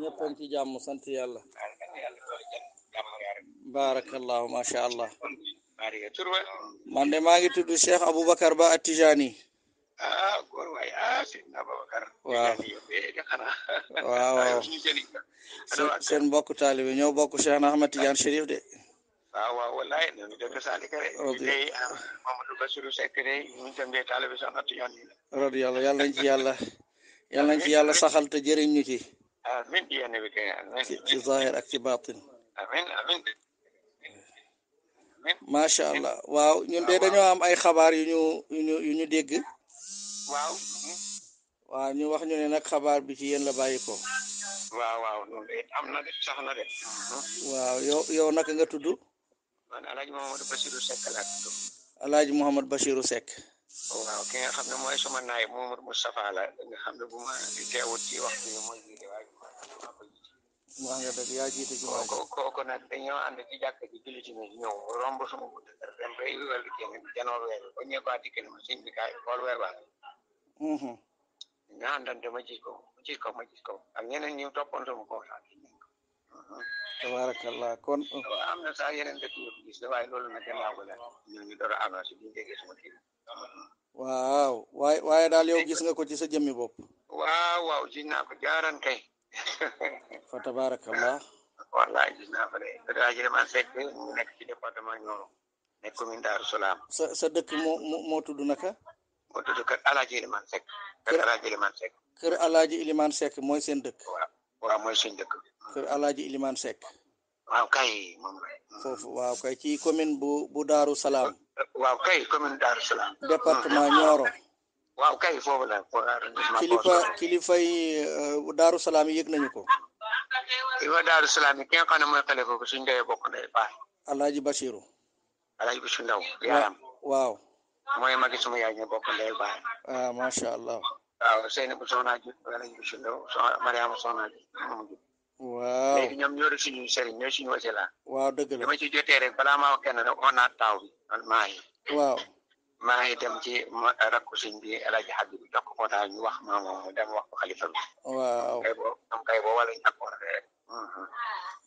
ñëpp ci jàmm sant yàlla barakallahu macha allah man de maa ngi tudd Cheikh Aboubacar Ba Atijani ah góor waay ah Seydina ñoo bokk Cheikh na Ahmad Tidiane Chérif de ah, waaw waaw ñu def saxal te jëriñ ñu amiin diyaane ak ci baatin allah waaw ñun de dañoo am ay xabaar yu ñu yu ñu dégg waaw ñu wax ñu ne nag xabaar bi ci yéen la bàyyi ko waaw waaw am na de sax de waaw yow yow naka nga tudd man alaaji Mouhamadou Bachirou waaw ki xam ne mooy sama naay Mouhamadou la xam ne bu ma teewut ci waxtu yi mooy mu wax nga dëgg yaa jiite ci waa ji kooku nag dañoo ànd ci jàkk ci mi ñëw romb suma bunt ko dikk ne ma sëñ bi mm-hmm. ma gis ko ko gis ko ak ñeneen ñu toppoon sama constat yi nañ mm-hmm. uh. gis waaye ko la ñu ñu door a annoncé bi ñu déggee sama waaw waaye waaye daal yow gis nga ko ci sa jëmmi bopp waaw waaw gis naa jaaran kay fa tabarakallah walla gis naa fa de peut aji dama sekk mu nekk ci département Nioro nekk commune sa sa dëkk moo moo tudd naka moo tudd kër alaaji Iliman Seck kër Iliman Seck kër alaaji Iliman Seck mooy seen dëkk waaw waaw mooy seen dëkk kër alaaji Iliman Seck waaw kay moom foofu waaw kay ci commune bu bu Daaru Salaam waaw kay commune Daaru Salaam département waaw kay foofu la kilifa kilifa yi euh, daaru salaam yëg nañu ko kilifa daaru salaam yi ki nga xam ne mooy xalifa suñ dee bokk ndey baay Basiru alaaji Basiru ndaw yaaram waaw mooy magi suma yaay ñu bokk ndey baay ah macha allah waaw seen bu soxnaa ji alaaji Basiru ndaw mariama soxnaa ji moom ji ñoo di suñu sëriñ ñooy suñu wasila waaw dëgg a taw maa ngi dem ci rakku sëñ bi El Hadj Habib jox ko naa ñu wax ma mu wax ko xalifa bi. waaw kay boo am kay mm-hmm.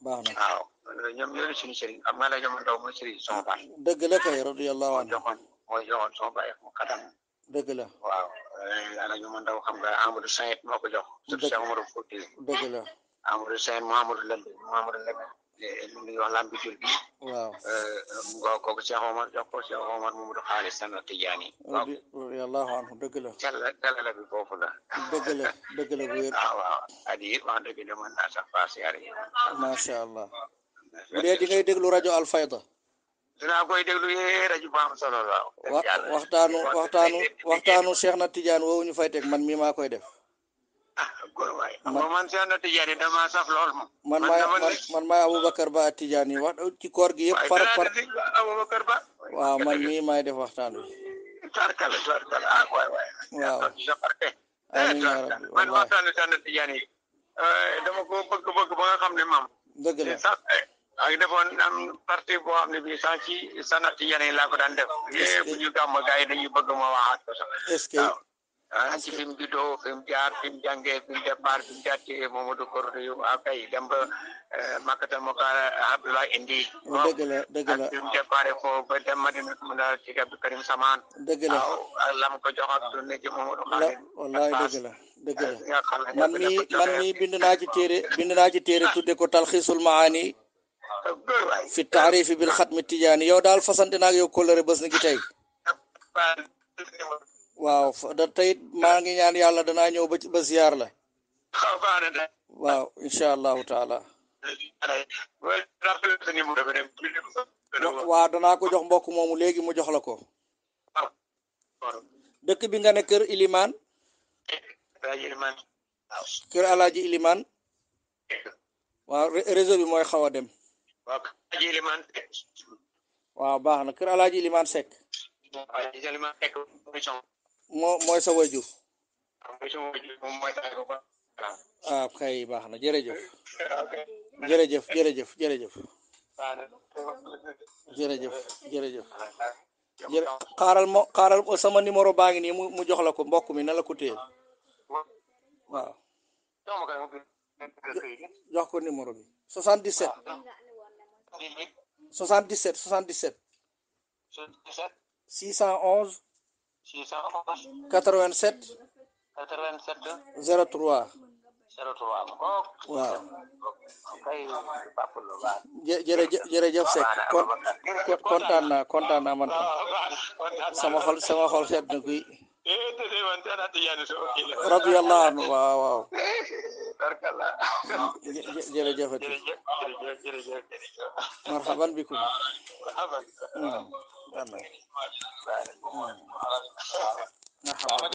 waaw ñoom ñoo suñu sëriñ am nga la ñoom ndaw mooy sëriñ sama baay. dëgg la kay radiyallahu anhu. joxoon mooy joxoon sama mu kadam. dëgg la waaw. ala eh, ñu ndaw xam nga Amadou Saint moo ko jox. dëgg la Amadou Fouti. dëgg la Amadou Saint Mouhamadou Lambe Mouhamadou Lambe. Eh, ñu wax Lambe waaw. Eh, waaw kooku Cheikh Omar jox ko Cheikh a Tijaani la calala bi ah, wax dëgg la mën naa sax allah bu dee di ngay déglu rajo Alfayda dinaa koy déglu yee rajo bu am solo la waxtaanu waxtaanu waxtaanu na Tijaan woowu ñu fay man mi ma koy def Ah, man man Cheikh na Tidiane dama saf lool man man maay Aboubacar Ba Tidiane wax ci koor gi yëpp. par par wa Ba. waaw man mii maay def waxtaan bi. tarkala tarkala ah waay waay. waaw eh, amiin yaa rabbi man waxtaan bi Cheikh dama ko bëgg bëgg ba nga xam ne maam. dëgg la eh, sax eh, ak defoon am parti boo xam ne bii sax ci Cheikh na Tidiane laa ko daan def. est ce que bu ñu yi bëgg ma waxaat ko sax. ah ci fi mu juddoo fi mu jaar fi mu jàngee fi mu départ fi mu jàttee Momadou Kordo yu la dëgg la ak fi mu départ foofu ba dem Madina mu na ci Abdou Karim Samane. dëgg la waaw ak la mu ko jox ak dund man mii man mii bind naa ci téere bind fi taarifi bil xatmi tijaani yow daal fasante naa ak yow kóllëre waaw da tey maa ngi ñaan yàlla danaa ñëw ba ba ziar la allahu taala waaw danaa jox mbokk moomu léegi mu jox la ko dëkk bi nga ne kër ilimaan kër alaaji ilimaan waaw réseau bi mooy xaw a dem waaw baax na kër alaaji ilimaan Seck moo mooy sa wajur ah kay baax na jërëjëf jërëjëf jërëjëf jërëjëf jërëjëf jërëjëf jërë xaaral mo sama numéro baa ngi nii mu mu jox la ko mbokk mi na la ko téye waaw jox ko numéro bi 77 77 77 87 87 03 03 waaw jërëjëf jërëjëf Seck kontaan naa sama xol oh, oh, oh, sama xol sedd na kuy Wow, wow. anu waaw waaw jërëjëf ati تمام نعم